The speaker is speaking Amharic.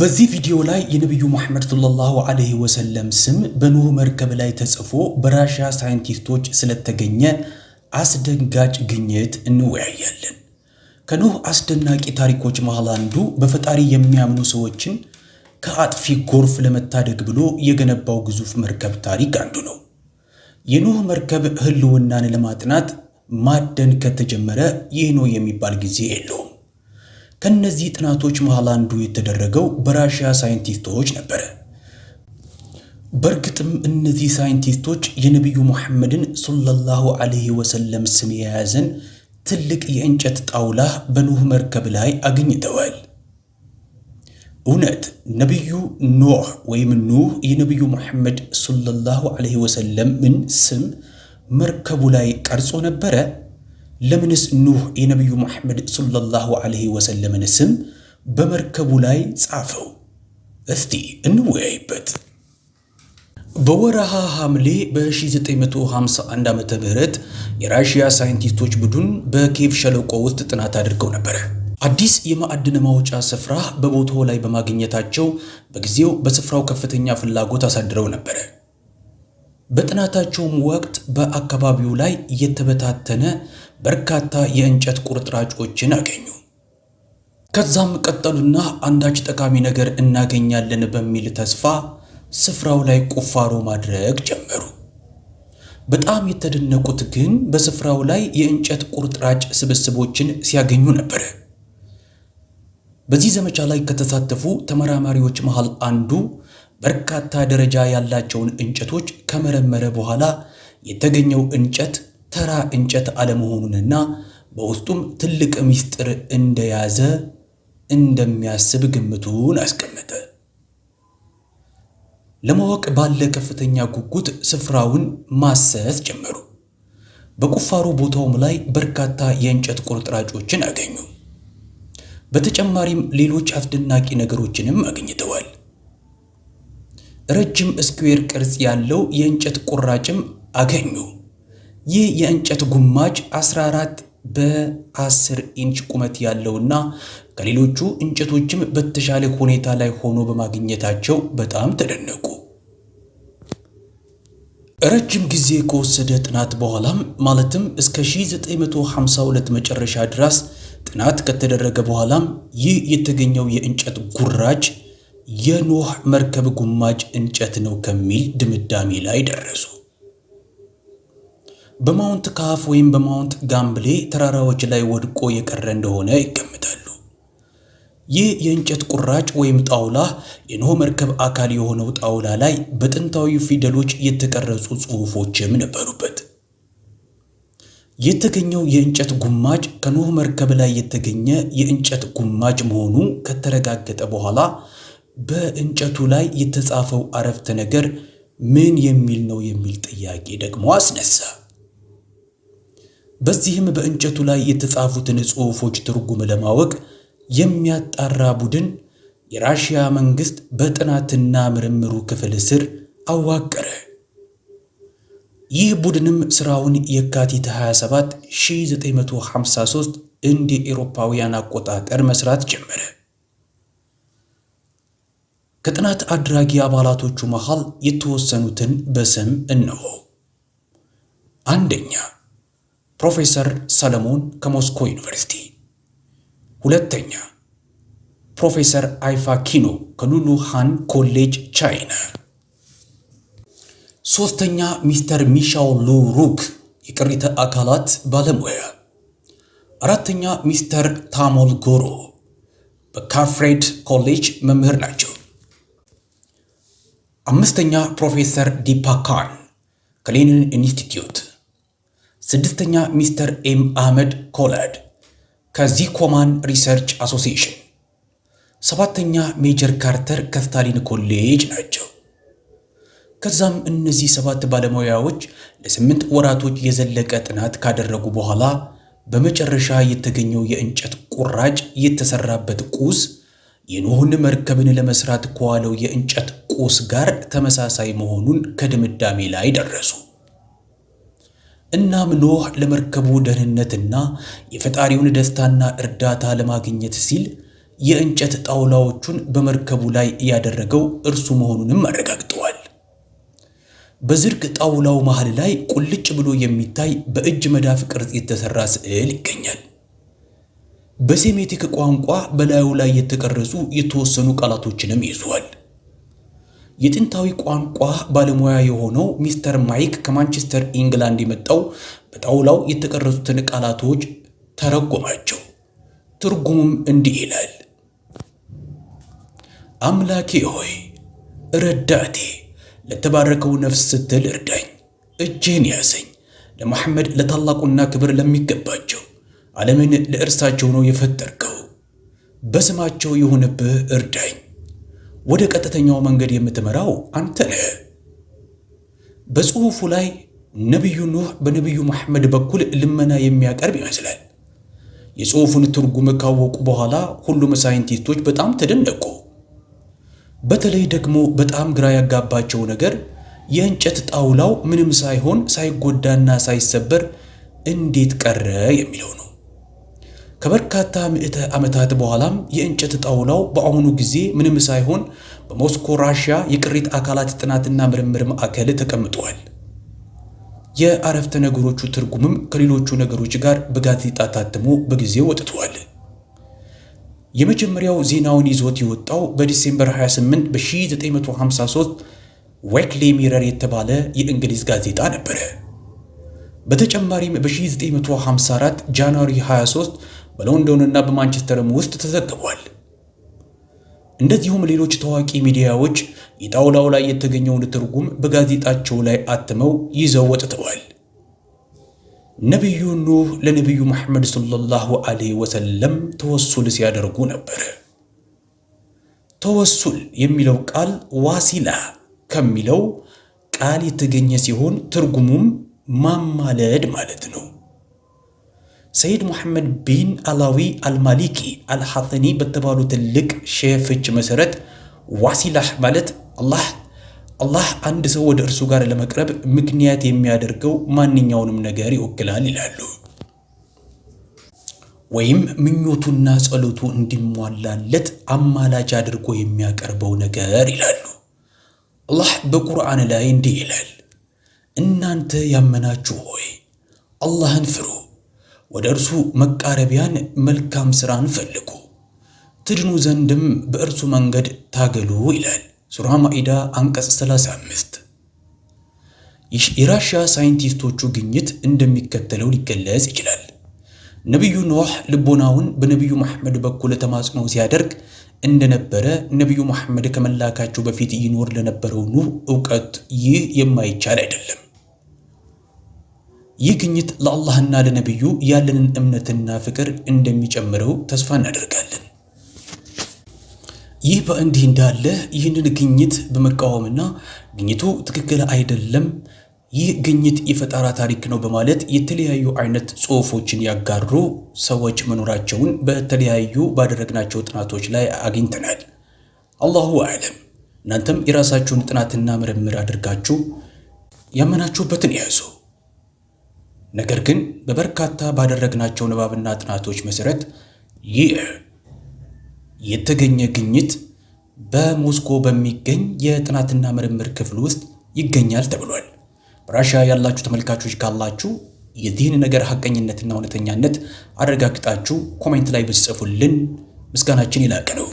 በዚህ ቪዲዮ ላይ የነቢዩ መሐመድ ሰለላሁ ዐለይሂ ወሰለም ስም በኑህ መርከብ ላይ ተጽፎ በራሻ ሳይንቲስቶች ስለተገኘ አስደንጋጭ ግኝት እንወያያለን። ከኑህ አስደናቂ ታሪኮች መሃል አንዱ በፈጣሪ የሚያምኑ ሰዎችን ከአጥፊ ጎርፍ ለመታደግ ብሎ የገነባው ግዙፍ መርከብ ታሪክ አንዱ ነው። የኑህ መርከብ ህልውናን ለማጥናት ማደን ከተጀመረ ይህ ነው የሚባል ጊዜ የለውም። ከእነዚህ ጥናቶች መሃል አንዱ የተደረገው በራሽያ ሳይንቲስቶች ነበረ። በእርግጥም እነዚህ ሳይንቲስቶች የነቢዩ ሙሐመድን ሶለላሁ ዐለይሂ ወሰለም ስም የያዘን ትልቅ የእንጨት ጣውላ በኑህ መርከብ ላይ አግኝተዋል። እውነት ነቢዩ ኖህ ወይም ኑህ የነቢዩ ሙሐመድ ሶለላሁ ዐለይሂ ወሰለምን ስም መርከቡ ላይ ቀርጾ ነበረ? ለምንስ ኑህ የነቢዩ መሐመድ ሰለላሁ ዐለይሂ ወሰለምን ስም በመርከቡ ላይ ጻፈው? እስቲ እንወያይበት። በወረሃ ሐምሌ በ1951 ዓ ም የራሽያ ሳይንቲስቶች ቡድን በኬቭ ሸለቆ ውስጥ ጥናት አድርገው ነበር። አዲስ የማዕድን ማውጫ ስፍራ በቦታው ላይ በማግኘታቸው በጊዜው በስፍራው ከፍተኛ ፍላጎት አሳድረው ነበር። በጥናታቸውም ወቅት በአካባቢው ላይ የተበታተነ በርካታ የእንጨት ቁርጥራጮችን አገኙ። ከዛም ቀጠሉና አንዳች ጠቃሚ ነገር እናገኛለን በሚል ተስፋ ስፍራው ላይ ቁፋሮ ማድረግ ጀመሩ። በጣም የተደነቁት ግን በስፍራው ላይ የእንጨት ቁርጥራጭ ስብስቦችን ሲያገኙ ነበር። በዚህ ዘመቻ ላይ ከተሳተፉ ተመራማሪዎች መሃል አንዱ በርካታ ደረጃ ያላቸውን እንጨቶች ከመረመረ በኋላ የተገኘው እንጨት ተራ እንጨት አለመሆኑንና በውስጡም ትልቅ ምስጢር እንደያዘ እንደሚያስብ ግምቱን አስቀመጠ። ለማወቅ ባለ ከፍተኛ ጉጉት ስፍራውን ማሰስ ጀመሩ። በቁፋሮ ቦታውም ላይ በርካታ የእንጨት ቁርጥራጮችን አገኙ። በተጨማሪም ሌሎች አስደናቂ ነገሮችንም አግኝተዋል። ረጅም ስኩዌር ቅርጽ ያለው የእንጨት ቁራጭም አገኙ። ይህ የእንጨት ጉማጅ 14 በ10 ኢንች ቁመት ያለውና ከሌሎቹ እንጨቶችም በተሻለ ሁኔታ ላይ ሆኖ በማግኘታቸው በጣም ተደነቁ። ረጅም ጊዜ ከወሰደ ጥናት በኋላም ማለትም እስከ 1952 መጨረሻ ድረስ ጥናት ከተደረገ በኋላም ይህ የተገኘው የእንጨት ጉራጅ የኖህ መርከብ ጉማጅ እንጨት ነው ከሚል ድምዳሜ ላይ ደረሱ። በማውንት ካፍ ወይም በማውንት ጋምብሌ ተራራዎች ላይ ወድቆ የቀረ እንደሆነ ይገምታሉ። ይህ የእንጨት ቁራጭ ወይም ጣውላ የኖህ መርከብ አካል የሆነው ጣውላ ላይ በጥንታዊ ፊደሎች የተቀረጹ ጽሑፎችም ነበሩበት። የተገኘው የእንጨት ጉማጅ ከኖህ መርከብ ላይ የተገኘ የእንጨት ጉማጅ መሆኑ ከተረጋገጠ በኋላ በእንጨቱ ላይ የተጻፈው አረፍተ ነገር ምን የሚል ነው የሚል ጥያቄ ደግሞ አስነሳ። በዚህም በእንጨቱ ላይ የተጻፉትን ጽሑፎች ትርጉም ለማወቅ የሚያጣራ ቡድን የራሽያ መንግስት በጥናትና ምርምሩ ክፍል ስር አዋቀረ። ይህ ቡድንም ስራውን የካቲት 27 1953 እንደ ኤሮፓውያን አቆጣጠር መስራት ጀመረ። ከጥናት አድራጊ አባላቶቹ መሃል የተወሰኑትን በስም እነሆ። አንደኛ ፕሮፌሰር ሰለሞን ከሞስኮ ዩኒቨርሲቲ፣ ሁለተኛ ፕሮፌሰር አይፋ ኪኖ ከሉሉሃን ኮሌጅ ቻይና፣ ሶስተኛ ሚስተር ሚሻው ሉሩክ የቅሪተ አካላት ባለሙያ፣ አራተኛ ሚስተር ታሞል ጎሮ በካፍሬድ ኮሌጅ መምህር ናቸው። አምስተኛ ፕሮፌሰር ዲፓካን ከሌኒን ኢንስቲትዩት፣ ስድስተኛ ሚስተር ኤም አህመድ ኮለድ ከዚኮማን ሪሰርች አሶሲሽን። ሰባተኛ ሜጀር ካርተር ከስታሊን ኮሌጅ ናቸው። ከዛም እነዚህ ሰባት ባለሙያዎች ለስምንት ወራቶች የዘለቀ ጥናት ካደረጉ በኋላ በመጨረሻ የተገኘው የእንጨት ቁራጭ የተሰራበት ቁስ የኖኅን መርከብን ለመስራት ከዋለው የእንጨት ቁስ ጋር ተመሳሳይ መሆኑን ከድምዳሜ ላይ ደረሱ። እናም ኖኅ ለመርከቡ ደህንነትና የፈጣሪውን ደስታና እርዳታ ለማግኘት ሲል የእንጨት ጣውላዎቹን በመርከቡ ላይ ያደረገው እርሱ መሆኑንም አረጋግጠዋል። በዝርግ ጣውላው መሃል ላይ ቁልጭ ብሎ የሚታይ በእጅ መዳፍ ቅርጽ የተሰራ ስዕል ይገኛል። በሴሜቲክ ቋንቋ በላዩ ላይ የተቀረጹ የተወሰኑ ቃላቶችንም ይዟል። የጥንታዊ ቋንቋ ባለሙያ የሆነው ሚስተር ማይክ ከማንቸስተር ኢንግላንድ የመጣው በጣውላው የተቀረጹትን ቃላቶች ተረጎማቸው። ትርጉሙም እንዲህ ይላል። አምላኬ ሆይ ረዳቴ፣ ለተባረከው ነፍስ ስትል እርዳኝ፣ እጅህን ያዘኝ፣ ለመሐመድ ለታላቁና ክብር ለሚገባቸው ዓለምን ለእርሳቸው ነው የፈጠርከው። በስማቸው የሆነብህ እርዳኝ። ወደ ቀጥተኛው መንገድ የምትመራው አንተ ነህ። በጽሑፉ ላይ ነቢዩ ኑህ በነቢዩ መሐመድ በኩል ልመና የሚያቀርብ ይመስላል። የጽሑፉን ትርጉም ካወቁ በኋላ ሁሉም ሳይንቲስቶች በጣም ተደነቁ። በተለይ ደግሞ በጣም ግራ ያጋባቸው ነገር የእንጨት ጣውላው ምንም ሳይሆን ሳይጎዳና ሳይሰበር እንዴት ቀረ የሚለው ነው። ከበርካታ ምዕተ ዓመታት በኋላም የእንጨት ጣውላው በአሁኑ ጊዜ ምንም ሳይሆን በሞስኮ ራሽያ የቅሪት አካላት ጥናትና ምርምር ማዕከል ተቀምጧል። የአረፍተ ነገሮቹ ትርጉምም ከሌሎቹ ነገሮች ጋር በጋዜጣ ታትሞ በጊዜው ወጥቷል። የመጀመሪያው ዜናውን ይዞት የወጣው በዲሴምበር 28 በ1953 ዌክሌ ሚረር የተባለ የእንግሊዝ ጋዜጣ ነበረ። በተጨማሪም በ1954 ጃንዋሪ 23 በሎንዶንና በማንቸስተርም ውስጥ ተዘግቧል። እንደዚሁም ሌሎች ታዋቂ ሚዲያዎች የጣውላው ላይ የተገኘውን ትርጉም በጋዜጣቸው ላይ አትመው ይዘው ወጥተዋል። ነቢዩ ኑህ ለነቢዩ መሐመድ ሰለላሁ ዐለይሂ ወሰለም ተወሱል ሲያደርጉ ነበር። ተወሱል የሚለው ቃል ዋሲላ ከሚለው ቃል የተገኘ ሲሆን ትርጉሙም ማማለድ ማለት ነው። ሰይድ ሙሐመድ ቢን አላዊ አልማሊኪ አልሐተኒ በተባሉ ትልቅ ሼህ ፍች መሠረት ዋሲላህ ማለት አላህ አላህ አንድ ሰው ወደ እርሱ ጋር ለመቅረብ ምክንያት የሚያደርገው ማንኛውንም ነገር ይወክላል ይላሉ። ወይም ምኞቱና ጸሎቱ እንዲሟላለት አማላጅ አድርጎ የሚያቀርበው ነገር ይላሉ። አላህ በቁርአን ላይ እንዲህ ይላል፣ እናንተ ያመናችሁ ሆይ አላህን ፍሩ ወደ እርሱ መቃረቢያን መልካም ሥራን ፈልጉ ትድኑ ዘንድም በእርሱ መንገድ ታገሉ ይላል ሱራ ማኢዳ አንቀጽ 35። የራሻ ሳይንቲስቶቹ ግኝት እንደሚከተለው ሊገለጽ ይችላል። ነቢዩ ኖህ ልቦናውን በነቢዩ መሐመድ በኩል ተማጽኖ ሲያደርግ እንደነበረ ነቢዩ መሐመድ ከመላካቸው በፊት ይኖር ለነበረው ኑህ እውቀት ይህ የማይቻል አይደለም። ይህ ግኝት ለአላህና ለነቢዩ ያለንን እምነትና ፍቅር እንደሚጨምረው ተስፋ እናደርጋለን። ይህ በእንዲህ እንዳለ ይህንን ግኝት በመቃወምና ግኝቱ ትክክል አይደለም፣ ይህ ግኝት የፈጠራ ታሪክ ነው በማለት የተለያዩ አይነት ጽሑፎችን ያጋሩ ሰዎች መኖራቸውን በተለያዩ ባደረግናቸው ጥናቶች ላይ አግኝተናል። አላሁ አዕለም። እናንተም የራሳችሁን ጥናትና ምርምር አድርጋችሁ ያመናችሁበትን ያዙ። ነገር ግን በበርካታ ባደረግናቸው ንባብና ጥናቶች መሠረት ይህ የተገኘ ግኝት በሞስኮ በሚገኝ የጥናትና ምርምር ክፍል ውስጥ ይገኛል ተብሏል። በራሽያ ያላችሁ ተመልካቾች ካላችሁ የዚህን ነገር ሐቀኝነትና እውነተኛነት አረጋግጣችሁ ኮሜንት ላይ ብጽፉልን ምስጋናችን የላቀ ነው።